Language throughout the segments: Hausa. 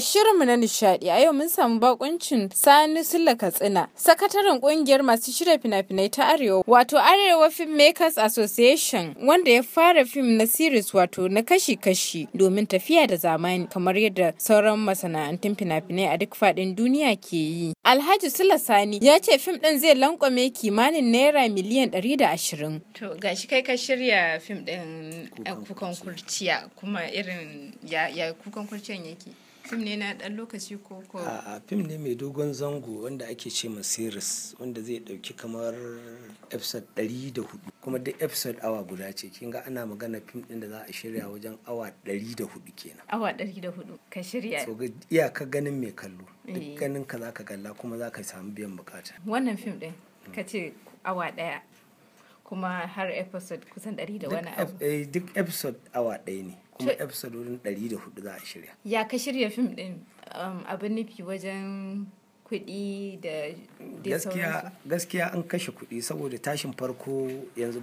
shirinmu na nishaɗi a yau mun samu bakuncin Sani Sulla Katsina, sakataren ƙungiyar masu shirya fina-finai ta Arewa, wato Arewa Film Makers Association, wanda ya fara fim na series wato na kashi-kashi domin tafiya da zamani kamar yadda sauran masana'antun fina-finai a duk faɗin duniya ke yi. Alhaji Sulla Sani ya ce fim ɗin zai lankwame kimanin naira miliyan ɗari 120. To gashi kai ka shirya fim ɗin eh, kukan kurciya kuma irin ya kukan kurciyan yake. fim ne na dan lokaci ko ko a fim ne mai dogon zango wanda ake ce ma series wanda zai dauki kamar episode hudu kuma duk episode awa guda ce kin ga ana magana fim din da za a shirya wajen awa ɗari da hudu kenan awa ɗari da hudu ka shirya so iyaka ganin mai kallo duk eh. ganin ka zaka kalla kuma zaka samu biyan bukata wannan fim din mm. ka ce awa ɗaya kuma har episode kusan ɗari da wani abu eh, duk episode awa ɗaya ne kuma episododin 104 za a shirya ya ka shirya fim din um, abin nufi wajen kuɗi da gaskiya gaskiya an kashe kuɗi saboda tashin farko yanzu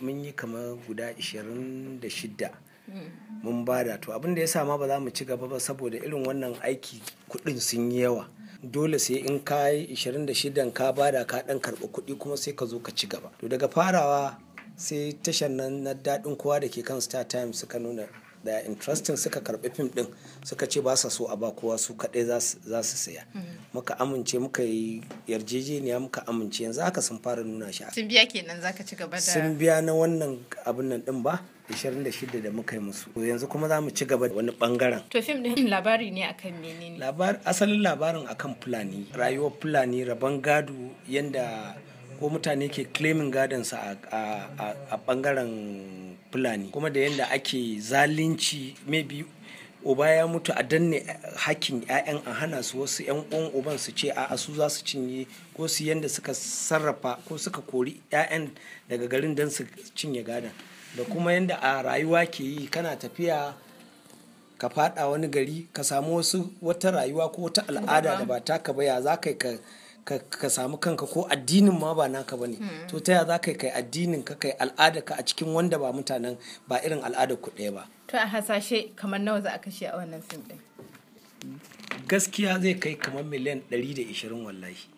mun yi kamar guda 26 hmm. mun bada to abin ya sama ba za mu ci gaba ba saboda irin wannan aiki kuɗin sun yi yawa dole sai in ka yi 26 ka bada ka ɗan karɓi kuɗi kuma sai ka zo ka ci gaba to daga farawa sai tashar nan na daɗin kowa da ke kan star times suka nuna da interesting suka karbi fim din suka ce ba sa so a ba kowa su kaɗai za su saya mm-hmm. muka amince muka yi yarjejeniya muka amince yanzu haka sun fara nuna shi sun biya kenan zaka ci gaba da sun biya na wannan abin nan din ba 26 da muka yi musu yanzu kuma za mu ci gaba da wani bangaren to fim din labari ne akan menene asalin labarin akan fulani rayuwar fulani rabon gado yanda ko mutane ke claiming sa a bangaren fulani kuma da yadda ake zalunci maybe uba ya mutu a danne hakkin 'ya'yan a hana su wasu 'yan uwan uban su ce a su za su cinye ko su yadda suka sarrafa ko suka kori 'ya'yan daga garin don su cinye gadon da kuma yadda a rayuwa ke yi kana tafiya ka fada wani gari ka samu wasu wata rayuwa ko wata al'ada da ba taka ba ya za ka ka samu kanka ko addinin ma ba naka ba ne hmm. to ta yaya za ka kai addinin ka kai al'ada ka a cikin wanda ba mutanen ba irin al'adar ku ɗaya ba to a hasashe kamar nawa za a kashe a wannan fim din gaskiya zai kai kamar miliyan ishirin wallahi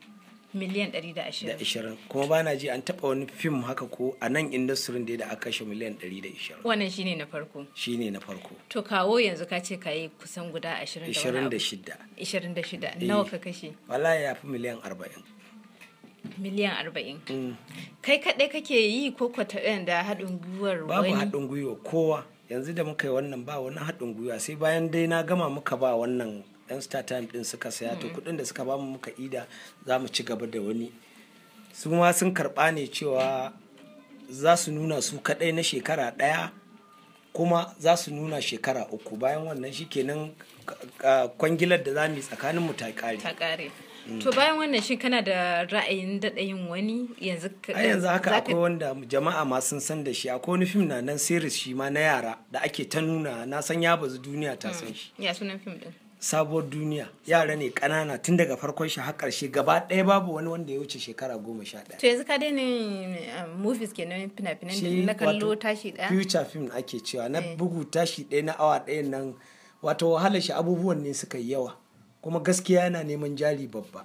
miliyan 120 kuma ba na ji an taba wani fim haka ko a nan industry da aka kashe miliyan 120 wannan shine na farko shine na farko to kawo yanzu ka ce ka yi kusan guda 26 26 eh. nawa ka kashe wallahi ya fi miliyan 40 miliyan arba'in mm. kai kaɗai kake yi ko kwataɓen da haɗin gwiwar wani babu haɗin gwiwa kowa yanzu da muka yi wannan ba wani haɗin gwiwa sai bayan dai na gama muka ba wannan yan star time din suka saya to mm. kudin da suka bamu muka ida za mu ci gaba da wani su ma sun karɓa ne cewa za su nuna su kadai na shekara daya kuma za su nuna shekara uku bayan wannan shikenan kwangilar da za mu yi tsakanin mu ta kare mm. to bayan wannan shi kana da ra'ayin daɗayin wani yanzu a yanzu haka akwai wanda jama'a ma sun san da shi akwai wani fim na nan series shi ma na yara da ake ta nuna na san ya bazu duniya ta mm. san shi ya sunan fim din sabuwar duniya yara ne kanana tun daga farkon shi har karshe gaba ɗaya babu wani wanda ya wuce shekara goma sha ɗaya. to yanzu ka daina eh, movies ke nan fina-finan na kallo tashi ɗaya. future film ake cewa na eh. bugu tashi ɗaya na awa ɗaya nan wato wahalar shi abubuwan ne suka yi yawa kuma gaskiya yana neman jari babba.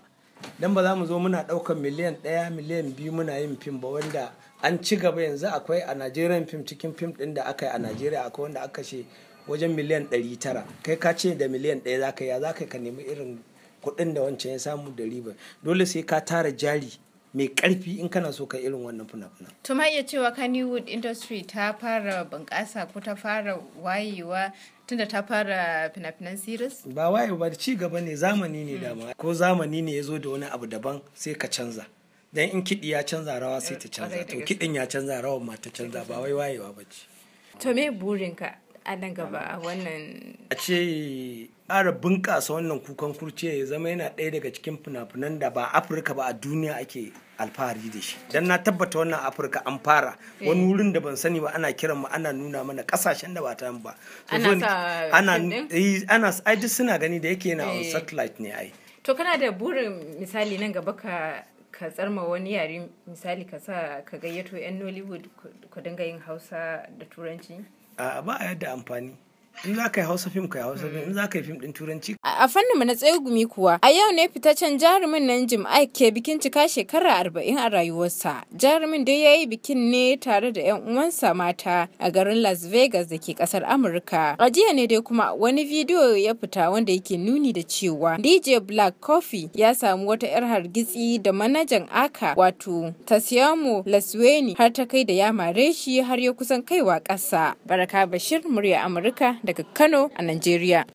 dan ba za mu zo muna ɗaukan miliyan ɗaya miliyan biyu muna yin fim ba wanda an ci gaba yanzu akwai a najeriya fim cikin fim ɗin da aka yi a najeriya akwai wanda aka ce wajen miliyan ɗari tara kai ka ce da miliyan ɗaya za ka yi ya za ka nemi irin kuɗin da wancan ya samu da riba dole sai ka tara jari mai karfi in kana so ka irin wannan fina-finan. to iya cewa kannywood industry ta fara bunƙasa ko ta fara wayewa tunda ta fara finafinan finan series? ba wayewa ba ci gaba ne zamani ne hmm. dama ko zamani ne ya zo da wani abu daban sai ka canza dan in kiɗi ya canza rawa sai ta eh, canza to kiɗin ya canza rawan ma ta canza ba wai wayewa ba ce. to me burinka a nan gaba wannan a ce ƙara bunƙasa wannan kukan kurce ya zama yana ɗaya daga cikin fina-finan da ba afirka ba a duniya ake alfahari da shi don na tabbata wannan afirka an fara eh. wani wurin da ban sani ba ana kiran mu ana nuna mana kasashen da ba ta ba eh, ana sa ana suna gani da yake yana eh. satellite ne ai to kana da burin misali nan gaba ka ka tsarma wani yare misali ka sa ka gayyato 'yan nollywood ku dinga yin hausa da turanci a ba a yadda amfani in za ka yi hausa fim ka yi hausa fim in za ka yi fim din turanci. a fannin na tsaye kuwa a yau ne fitaccen jarumin nan jim ke bikin cika shekara arba'in a rayuwarsa jarumin dai ya yi bikin ne tare da yan uwansa mata a garin las vegas da ke kasar amurka a jiya ne dai kuma wani bidiyo ya fita wanda yake nuni da cewa dj black coffee ya samu wata yar hargitsi da manajan aka wato tasiamu lasweni har ta kai da ya mare shi har ya kusan kaiwa ƙasa baraka bashir murya amurka daga Kano a Najeriya.